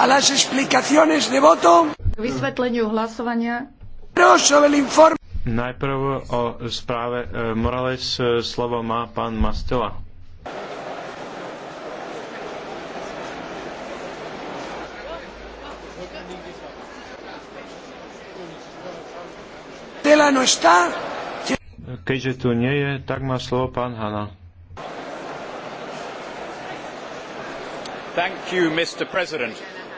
a las explicaciones de voto. K vysvetleniu hlasovania. Najprv o správe e, Morales e, slovo má pán Mastela. No Keďže tu nie je, tak má slovo pán Hanna. Thank You, Mr. President.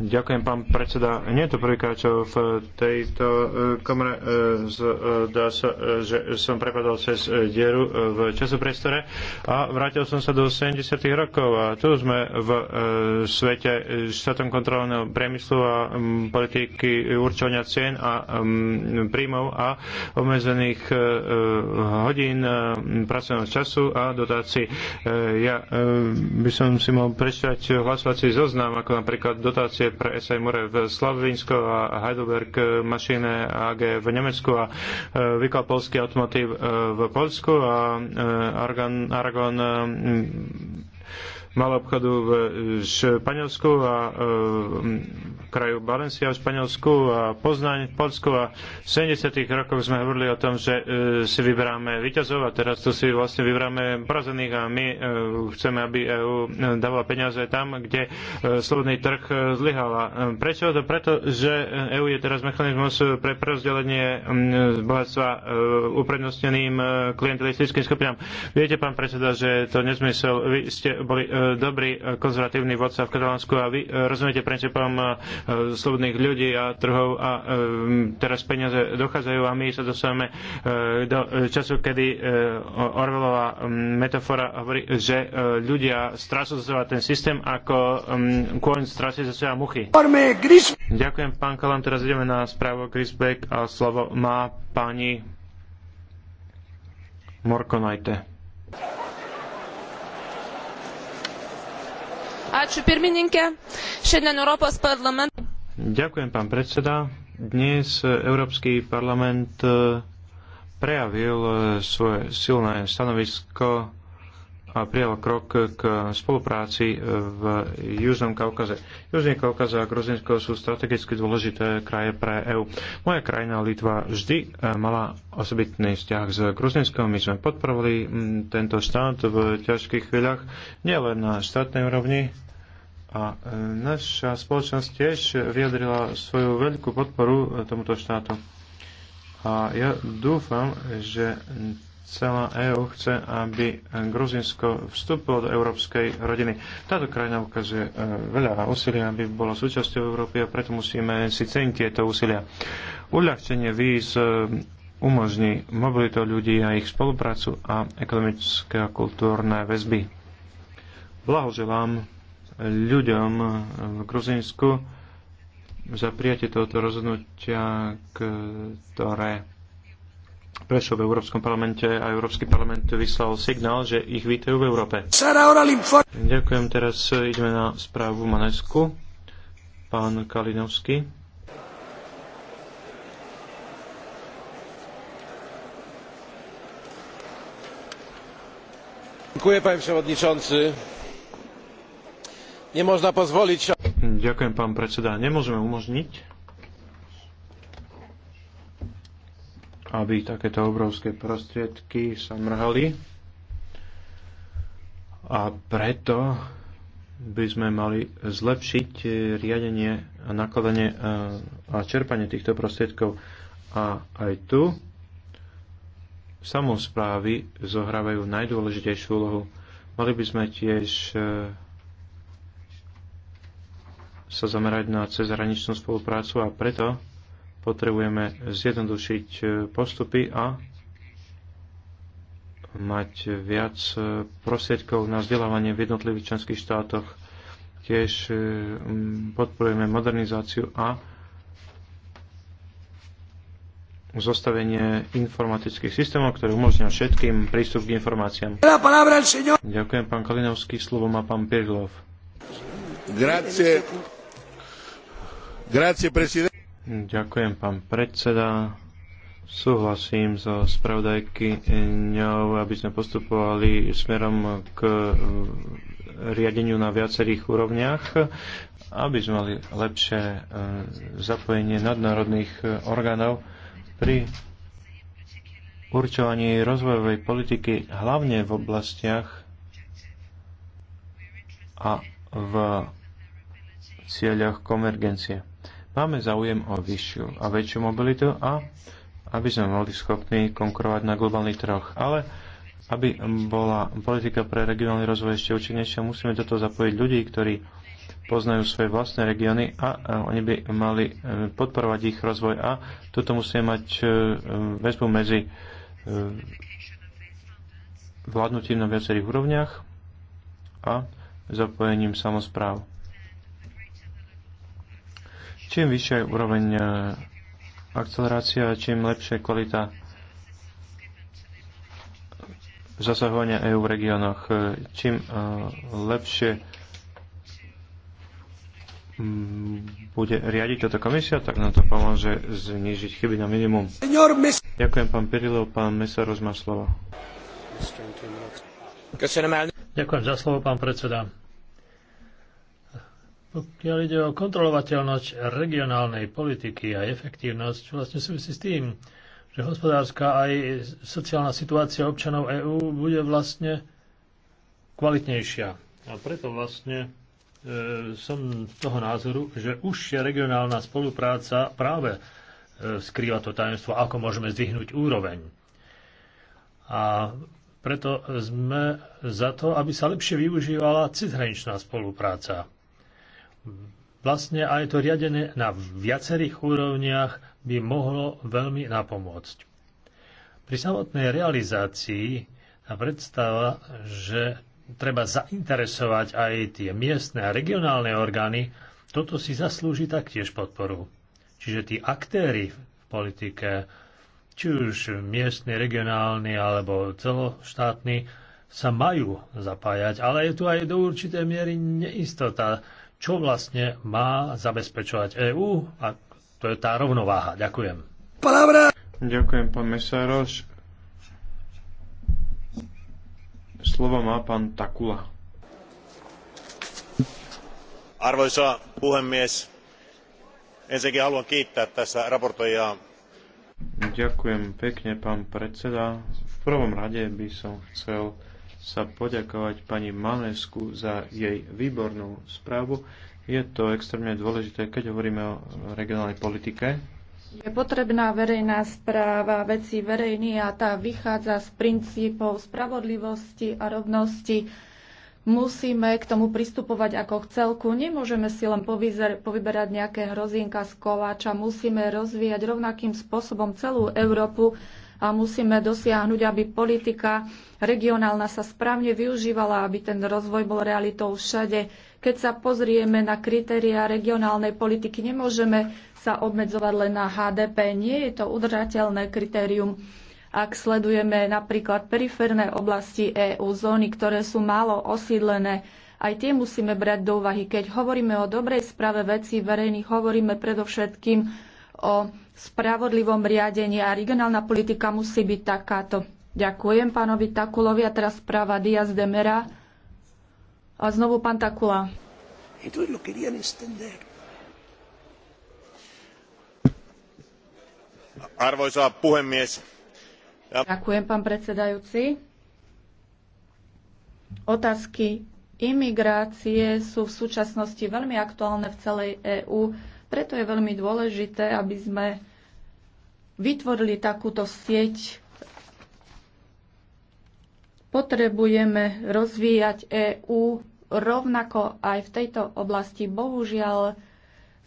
Ďakujem, pán predseda. Nie je to prvýkrát, čo v tejto e, komore e, e, že som prepadal cez dieru v časopriestore a vrátil som sa do 70. rokov a tu sme v svete štátom kontrolného priemyslu a politiky určovania cien a príjmov a obmedzených hodín pracovného času a dotácií. Ja by som si mohol prečítať hlasovací zoznam, ako napríklad dotácie pre SI More v Slavvinsko a Heidelberg Maschine AG v Nemecku a e, Vikla Polský automotív e, v Polsku a e, argon Argon malého obchodu v Španielsku a kraju Valencia v Španielsku a Poznaň v Polsku a v 70. rokoch sme hovorili o tom, že e, si vyberáme víťazov a teraz tu si vlastne vyberáme porazených a my e, chceme, aby EU e, dávala peniaze tam, kde slobodný trh zlyhala. Prečo? To preto, že EU je teraz mechanizmus pre prerozdelenie bohatstva uprednostneným klientelistickým skupinám. Viete, pán predseda, že to nezmysel. Vy ste boli dobrý konzervatívny vodca v Katalánsku a vy rozumiete princípom Eh, slobodných ľudí a trhov a eh, teraz peniaze dochádzajú a my sa dostávame eh, do času, kedy Orvelová mm, metafora hovorí, že ľudia strácajú za ten systém ako mm, kôň stráci za seba muchy. Ďakujem, pán Kalan, teraz ideme na správu Grisbeck a slovo má pani Morkonajte. Ďakujem, pán predseda. Dnes Európsky parlament eh, prejavil eh, svoje silné stanovisko a prijal krok k spolupráci v Južnom Kaukaze. Južný Kaukaz a Gruzinsko sú strategicky dôležité kraje pre EÚ. Moja krajina Litva vždy e, mala osobitný vzťah s Gruzinskom. My sme podporovali tento štát v ťažkých chvíľach, nielen na štátnej úrovni, a e, naša spoločnosť tiež vyjadrila svoju veľkú podporu e, tomuto štátu. A ja dúfam, že celá EÚ chce, aby Gruzinsko vstúpilo do európskej rodiny. Táto krajina ukazuje e, veľa úsilia, aby bola súčasťou Európy a preto musíme si ceniť tieto úsilia. Uľahčenie víz e, umožní mobilitu ľudí a ich spoluprácu a ekonomické a kultúrne väzby. Blahoželám ľuďom v Gruzinsku za prijatie tohoto rozhodnutia, ktoré prešlo v Európskom parlamente a Európsky parlament vyslal signál, že ich vítajú v Európe. Ďakujem, teraz ideme na správu Manesku. Pán Kalinovský. Ďakujem, pán przewodniczący. Nie można pozwolić... Ďakujem, pán predseda. Nemôžeme umožniť, aby takéto obrovské prostriedky sa mrhali. A preto by sme mali zlepšiť riadenie a nakladanie e, a čerpanie týchto prostriedkov. A aj tu samozprávy zohrávajú najdôležitejšiu úlohu. Mali by sme tiež e, sa zamerať na cezhraničnú spoluprácu a preto potrebujeme zjednodušiť e, postupy a mať viac e, prostriedkov na vzdelávanie v jednotlivých členských štátoch. Tiež e, podporujeme modernizáciu a zostavenie informatických systémov, ktoré umožňujú všetkým prístup k informáciám. Ďakujem, pán Kalinovský. Slovo má pán Pirlov. Grazie. Grazie, presidente. Ďakujem, pán predseda. Súhlasím so spravodajkyňou, aby sme postupovali smerom k riadeniu na viacerých úrovniach, aby sme mali lepšie e, zapojenie nadnárodných e, orgánov pri určovaní rozvojovej politiky hlavne v oblastiach a v cieľach konvergencie. Máme záujem o vyššiu a väčšiu mobilitu a aby sme boli schopní konkurovať na globálnych troch. Ale aby bola politika pre regionálny rozvoj ešte účinnejšia, musíme do toho zapojiť ľudí, ktorí poznajú svoje vlastné regióny a oni by mali e, podporovať ich rozvoj a toto musíme mať e, väzbu medzi e, vládnutím na viacerých úrovniach a zapojením samozpráv. Čím vyššia je úroveň e, akcelerácia, čím lepšia je kvalita zasahovania EU v regiónoch, e, čím e, lepšie bude riadiť táto komisia, tak nám to pomôže znížiť chyby na minimum. Ďakujem pán Pirilov, pán Mesa má slovo. Ďakujem za slovo, pán predseda. Pokiaľ ide o kontrolovateľnosť regionálnej politiky a efektívnosť, vlastne súvisí s tým, že hospodárska aj sociálna situácia občanov EÚ bude vlastne kvalitnejšia. A preto vlastne e, som toho názoru, že už je regionálna spolupráca práve e, skrýva to tajemstvo, ako môžeme zdvihnúť úroveň. A preto sme za to, aby sa lepšie využívala cizhraničná spolupráca vlastne aj to riadenie na viacerých úrovniach by mohlo veľmi napomôcť. Pri samotnej realizácii tá predstava, že treba zainteresovať aj tie miestne a regionálne orgány, toto si zaslúži taktiež podporu. Čiže tí aktéry v politike, či už miestny, regionálny alebo celoštátny, sa majú zapájať, ale je tu aj do určitej miery neistota čo vlastne má zabezpečovať EÚ a to je tá rovnováha. Ďakujem. Palabra. Ďakujem, pán Mesároš. Slovo má pán Takula. Arvoisa puhemies, ensinnäkin haluan kiittää tässä raportoijaa. Ďakujem pekne, pán predseda. V prvom rade by som chcel sa poďakovať pani Manesku za jej výbornú správu. Je to extrémne dôležité, keď hovoríme o regionálnej politike. Je potrebná verejná správa veci verejný a tá vychádza z princípov spravodlivosti a rovnosti. Musíme k tomu pristupovať ako k celku. Nemôžeme si len povyzer, povyberať nejaké hrozienka z koláča. Musíme rozvíjať rovnakým spôsobom celú Európu a musíme dosiahnuť, aby politika regionálna sa správne využívala, aby ten rozvoj bol realitou všade. Keď sa pozrieme na kritéria regionálnej politiky, nemôžeme sa obmedzovať len na HDP. Nie je to udržateľné kritérium. Ak sledujeme napríklad periférne oblasti EÚ, zóny, ktoré sú málo osídlené, aj tie musíme brať do úvahy. Keď hovoríme o dobrej sprave veci verejných, hovoríme predovšetkým o spravodlivom riadení a regionálna politika musí byť takáto. Ďakujem pánovi Takulovi a teraz správa Diaz de Mera. A znovu pán Takula. E Arvoisa puhemies. Ja... Ďakujem, pán predsedajúci. Otázky imigrácie sú v súčasnosti veľmi aktuálne v celej EÚ, preto je veľmi dôležité, aby sme vytvorili takúto sieť, potrebujeme rozvíjať EÚ rovnako aj v tejto oblasti. Bohužiaľ,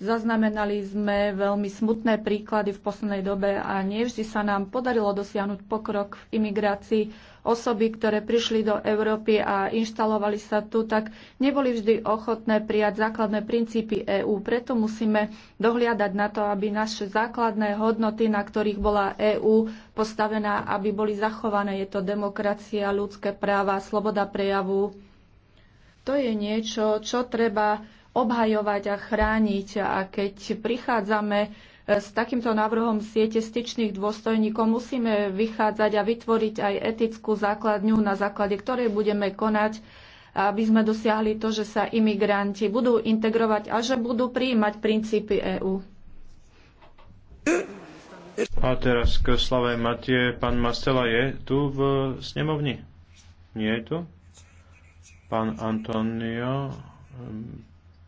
Zaznamenali sme veľmi smutné príklady v poslednej dobe a nevždy sa nám podarilo dosiahnuť pokrok v imigrácii. Osoby, ktoré prišli do Európy a inštalovali sa tu, tak neboli vždy ochotné prijať základné princípy EÚ. Preto musíme dohliadať na to, aby naše základné hodnoty, na ktorých bola EÚ postavená, aby boli zachované. Je to demokracia, ľudské práva, sloboda prejavu. To je niečo, čo treba obhajovať a chrániť. A keď prichádzame eh, s takýmto návrhom siete styčných dôstojníkov, musíme vychádzať a vytvoriť aj etickú základňu, na základe ktorej budeme konať aby sme dosiahli to, že sa imigranti budú integrovať a že budú prijímať princípy EÚ. A teraz k slave Matie. Pán Mastela je tu v snemovni? Nie je tu? Pán Antonio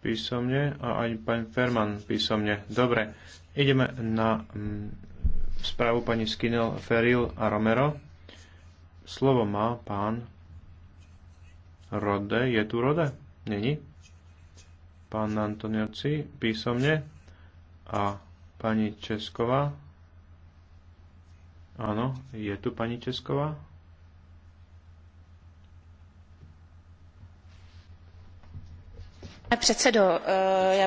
písomne a aj pán Ferman písomne. Dobre, ideme na mm, správu pani Skinel, Feril a Romero. Slovo má pán Rode. Je tu Rode? Není. Pán Antonioci písomne a pani Česková. Áno, je tu pani Česková. Eh,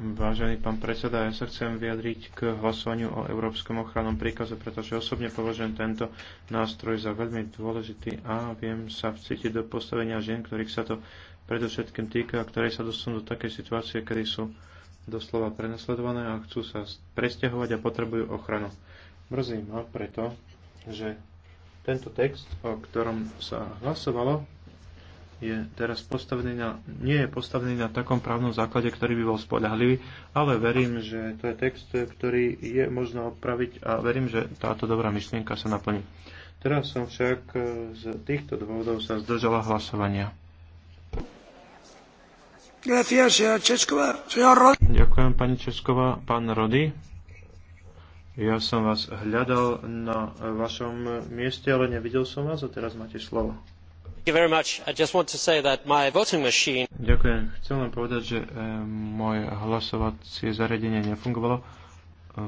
Vážený pán predseda, ja sa chcem vyjadriť k hlasovaniu o Európskom ochrannom príkaze, pretože osobne považujem tento nástroj za veľmi dôležitý a viem sa vcítiť do postavenia žien, ktorých sa to predovšetkým týka a ktoré sa dostanú do takej situácie, kedy sú doslova prenasledované a chcú sa presťahovať a potrebujú ochranu. Mrzí ma preto, že tento text, o ktorom sa hlasovalo, je teraz postavený na, nie je postavený na takom právnom základe, ktorý by bol spoľahlivý, ale verím, že to je text, ktorý je možno opraviť a verím, že táto dobrá myšlienka sa naplní. Teraz som však e, z týchto dôvodov sa zdržala hlasovania. Ďakujem, pani Česková. Pán Rody, ja som vás hľadal na vašom mieste, ale nevidel som vás a teraz máte slovo. Ďakujem. Chcem len povedať, že e, moje hlasovacie zariadenie nefungovalo e,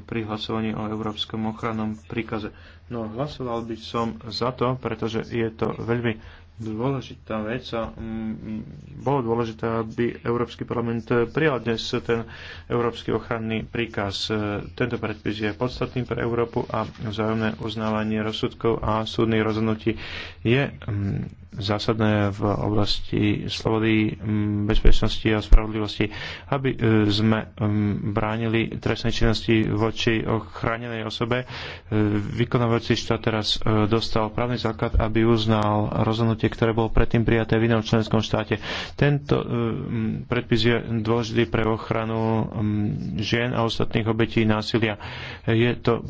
pri hlasovaní o Európskom ochrannom príkaze. No hlasoval by som za to, pretože je to veľmi dôležitá vec a mm, mm, bolo dôležité, aby Európsky parlament prijal dnes ten Európsky ochranný príkaz. Tento predpis je podstatný pre Európu a vzájomné uznávanie rozsudkov a súdnych rozhodnutí je mm, zásadné v oblasti slobody, bezpečnosti a spravodlivosti, aby e, sme bránili trestnej činnosti voči ochránenej osobe. E, vykonávací štát teraz e, dostal právny základ, aby uznal rozhodnutie rozhodnutie, ktoré bolo predtým prijaté v inom členskom štáte. Tento e, predpis je dôležitý pre ochranu žien a ostatných obetí násilia. Je to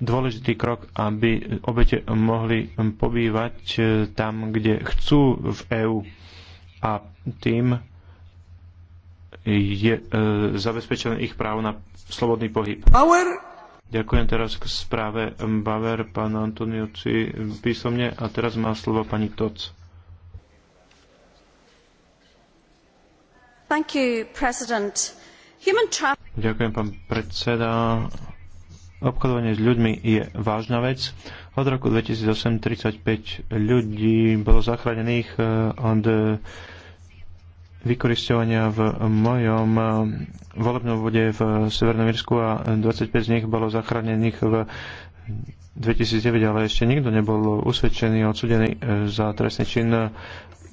dôležitý krok, aby obete mohli pobývať e, tam, kde chcú v EÚ. A tým je e, zabezpečené ich právo na slobodný pohyb. Power Ďakujem teraz k správe Baver, pán Antoniuci písomne a teraz má slovo pani Toc. Thank you, President. Human tra- Ďakujem, pán predseda. Obchodovanie s ľuďmi je vážna vec. Od roku 2008 35 ľudí bolo zachránených eh, od vykoristovania v mojom eh, volebnom vode v Severnom Irsku a 25 z nich bolo zachránených v 2009, ale ešte nikto nebol usvedčený, odsudený eh, za trestný čin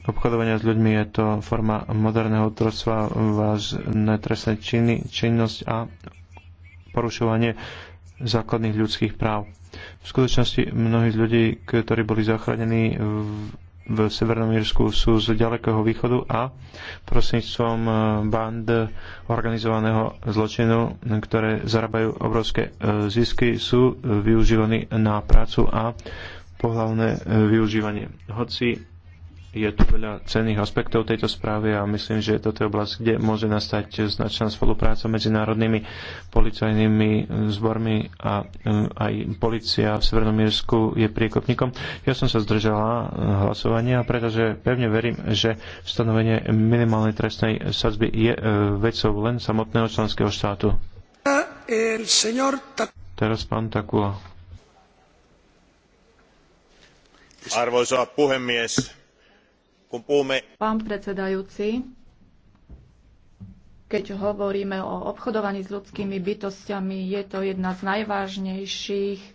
obchodovania s ľuďmi. Je to forma moderného otroctva, vážne trestné činy, činnosť a porušovanie základných ľudských práv. V skutočnosti mnohí z ľudí, ktorí boli zachránení v v Severnom Írsku sú z ďalekého východu a prostredníctvom eh, band organizovaného zločinu, ktoré zarábajú obrovské eh, zisky, sú využívaní na prácu a pohľavné eh, využívanie. Hoci je tu veľa cenných aspektov tejto správy a myslím, že toto je oblasť, kde môže nastať značná spolupráca medzi národnými policajnými zbormi a eh, aj policia v Severnom Írsku je priekopníkom. Ja som sa zdržala eh, hlasovania, pretože pevne verím, že stanovenie minimálnej trestnej sadzby je eh, vecou len samotného členského štátu. Teraz pán Takula. Arvoisa puhemies, kun puhumme... Pán predsedajúci, keď hovoríme o obchodovaní s ľudskými bytostiami, je to jedna z najvážnejších e,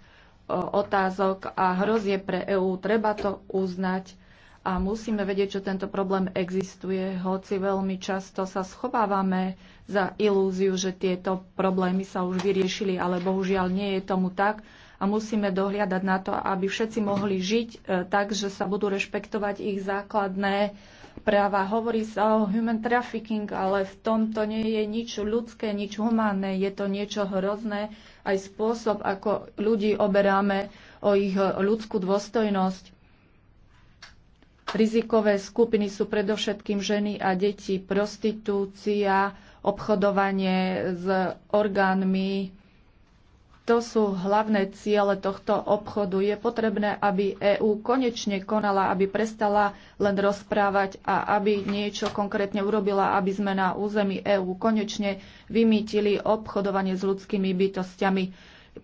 otázok a hrozie pre EÚ. Treba to uznať a musíme vedieť, že tento problém existuje, hoci veľmi často sa schovávame za ilúziu, že tieto problémy sa už vyriešili, ale bohužiaľ nie je tomu tak a musíme dohliadať na to, aby všetci mohli žiť e, tak, že sa budú rešpektovať ich základné práva. Hovorí sa o human trafficking, ale v tomto nie je nič ľudské, nič humánne. Je to niečo hrozné. Aj spôsob, ako ľudí oberáme o ich ľudskú dôstojnosť. Rizikové skupiny sú predovšetkým ženy a deti, prostitúcia, obchodovanie s orgánmi, to sú hlavné ciele tohto obchodu. Je potrebné, aby EÚ konečne konala, aby prestala len rozprávať a aby niečo konkrétne urobila, aby sme na území EÚ konečne vymýtili obchodovanie s ľudskými bytostiami.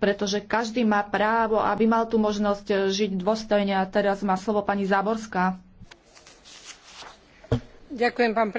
Pretože každý má právo, aby mal tú možnosť žiť dôstojne. A teraz má slovo pani Záborská. Ďakujem, pán pre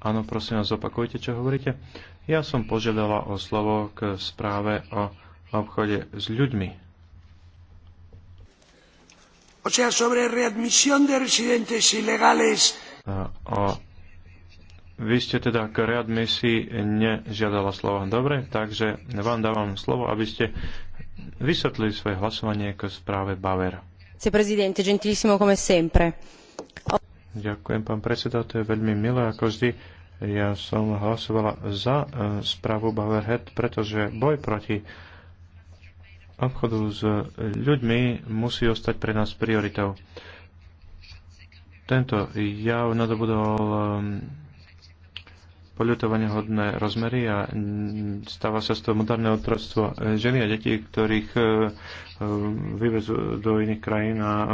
Áno, prosím vás, zopakujte, čo hovoríte. Ja som požiadala o slovo k správe o obchode s ľuďmi. O sea, sobre readmisión de residentes ilegales. O, vy ste teda k readmisii nežiadala slova. Dobre, takže vám dávam slovo, aby ste vysvetlili svoje hlasovanie k správe Bavera. Se Presidente, gentilissimo come sempre Ďakujem, pán predseda, to je veľmi milé, ako vždy. Ja som hlasovala za e, správu Bauerhead, pretože boj proti obchodu s ľuďmi musí ostať pre nás prioritou. Tento jav nadobudol poľutovania hodné rozmery a stáva sa z toho moderné otroctvo ženy a detí, ktorých e, e, vyvezú do iných krajín a e,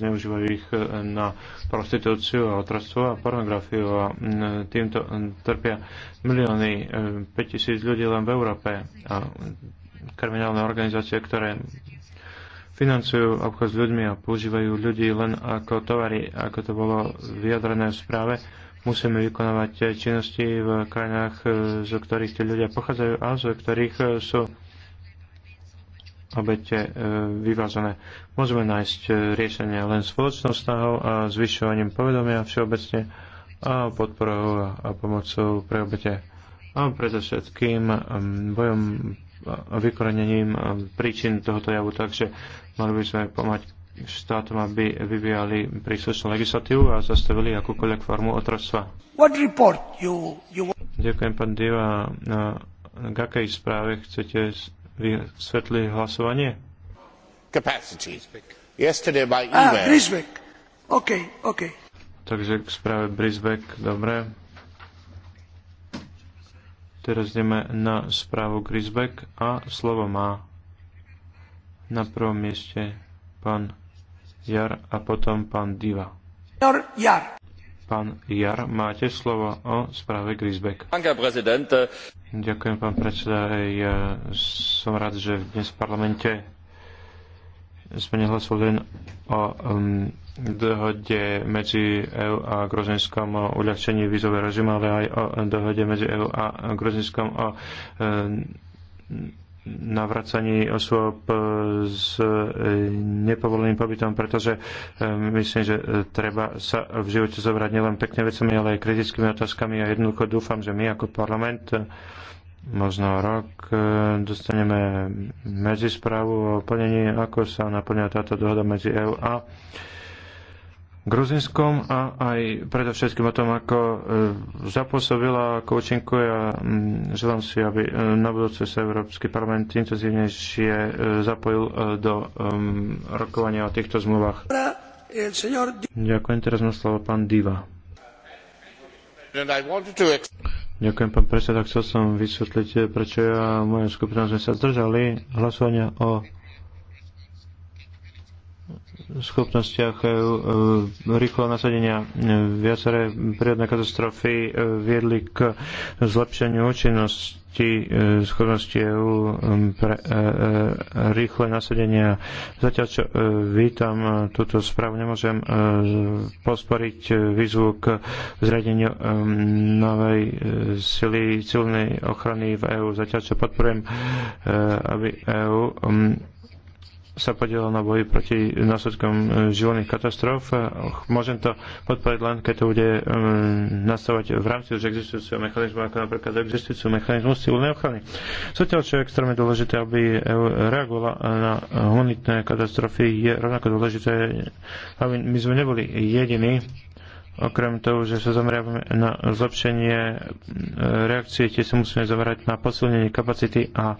zneužívajú ich na prostitúciu a otroctvo a pornografiu a týmto trpia milióny, 5000 ľudí len v Európe a kriminálne organizácie, ktoré financujú obchod s ľuďmi a používajú ľudí len ako tovary, ako to bolo vyjadrené v správe musíme vykonávať činnosti v krajinách, e, zo ktorých tí ľudia pochádzajú a z ktorých e, sú obete e, vyvázané. Môžeme nájsť riešenie len spoločnou snahou a zvyšovaním povedomia všeobecne a podporou a pomocou pre obete a predovšetkým bojom a vykorenením príčin tohoto javu, takže mali by sme pomáhať štátom, aby vyvíjali príslušnú legislatívu a zastavili akúkoľvek formu otroctva. Ďakujem, pán Diva. Na, k akej správe chcete vysvetliť hlasovanie? Capacity. Yesterday by ah, email. Ah, OK, OK. Takže k správe Brisbane, dobre. Teraz ideme na správu Grisbeck a slovo má na prvom mieste pán Jar a potom pán Diva. Jar. Pán Jar, máte slovo o správe Grisbeck. Ďakujem, pán predseda. Ja som rád, že dnes v parlamente sme nehlasovali len o um, dohode medzi EU a Grozinskom o uľahčení vízového režimu, ale aj o dohode medzi EU a Grozinskom o um, navracaní osôb s e, nepovoleným pobytom, pretože e, myslím, že e, treba sa v živote zobrať nielen pekne vecami, ale aj kritickými otázkami a jednoducho dúfam, že my ako parlament možno rok dostaneme medzi správu o plnení, ako sa naplňa táto dohoda medzi EU a Gruzinskom a aj predovšetkým o tom, ako e, zapôsobila, ako učinkuje a mm, želám si, aby e, na budúce sa Európsky parlament intenzívnejšie e, zapojil do rokovania o týchto zmluvách. Ďakujem, teraz na slovo pán Diva. Ďakujem, pán predseda. Chcel som vysvetliť, prečo ja a moja skupina sme sa zdržali hlasovania o schopnostiach e, e, rýchleho nasadenia. E, viaceré prírodné katastrofy viedli k zlepšeniu účinnosti schopnosti, EU pre e, e, rýchle nasadenia. Zatiaľ, čo e, vítam túto správu, nemôžem e, posporiť výzvu k zradeniu e, novej e, sily silnej ochrany v EÚ. Zatiaľ, čo podporujem, e, aby EÚ sa podielal na boji proti následkom e, životných katastrof. E, môžem to podporiť len, keď to bude e, nastavať v rámci už existujúceho mechanizmu, ako napríklad existujúceho mechanizmu silnej ochrany. Zatiaľ, čo je extrémne dôležité, aby EU reagovala na humanitné katastrofy, je rovnako dôležité, aby my sme neboli jediní, Okrem toho, že sa zameriavame na zlepšenie reakcie, tie sa musíme zamerať na posilnenie kapacity a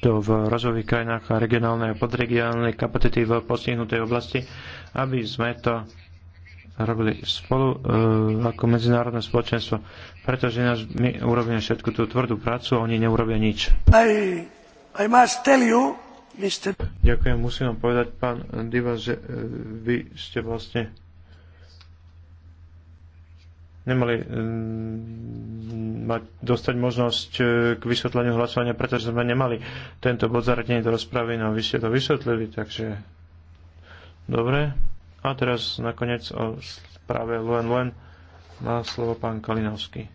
to v rozvojových krajinách a regionálne a podregionálne kapacity v postihnutej oblasti, aby sme to robili spolu e, ako medzinárodné spoločenstvo, pretože nás, my urobíme všetku tú tvrdú prácu a oni neurobia nič. I, I must tell you, Mr. Ďakujem, musím vám povedať, pán Diva, že e, vy ste vlastne nemali mm, mať, dostať možnosť e, k vysvetleniu hlasovania, pretože sme nemali tento bod zaradený do rozpravy, no vy ste to vysvetlili, takže dobre. A teraz nakoniec o správe Luen Luen má slovo pán Kalinovský.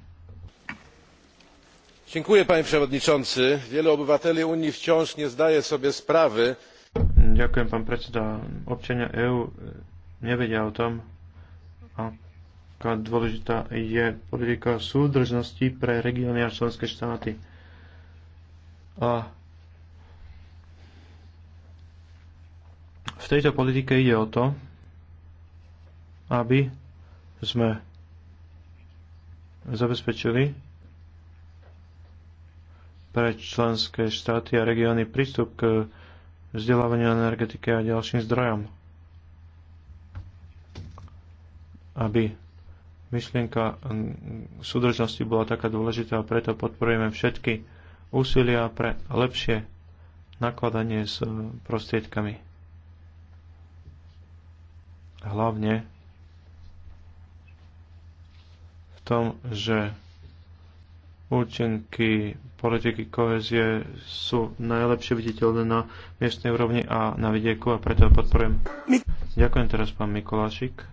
Dziękuję panie przewodniczący. Wielu obywateli Unii wciąż nie zdaje sobie sprawy. Ďakujem pán predseda. Občania nie e, nevedia o tom, ako aká dôležitá je politika súdržnosti pre regióny a členské štáty. A v tejto politike ide o to, aby sme zabezpečili pre členské štáty a regióny prístup k vzdelávaniu energetike a ďalším zdrojom, aby myšlienka mm, súdržnosti bola taká dôležitá a preto podporujeme všetky úsilia pre lepšie nakladanie s e, prostriedkami. Hlavne v tom, že účinky politiky kohezie sú najlepšie viditeľné na miestnej úrovni a na vidieku a preto podporujem. Ďakujem teraz pán Mikolášik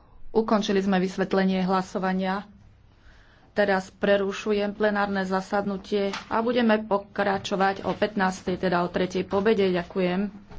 Ukončili sme vysvetlenie hlasovania. Teraz prerušujem plenárne zasadnutie a budeme pokračovať o 15. teda o 3. pobede. Ďakujem.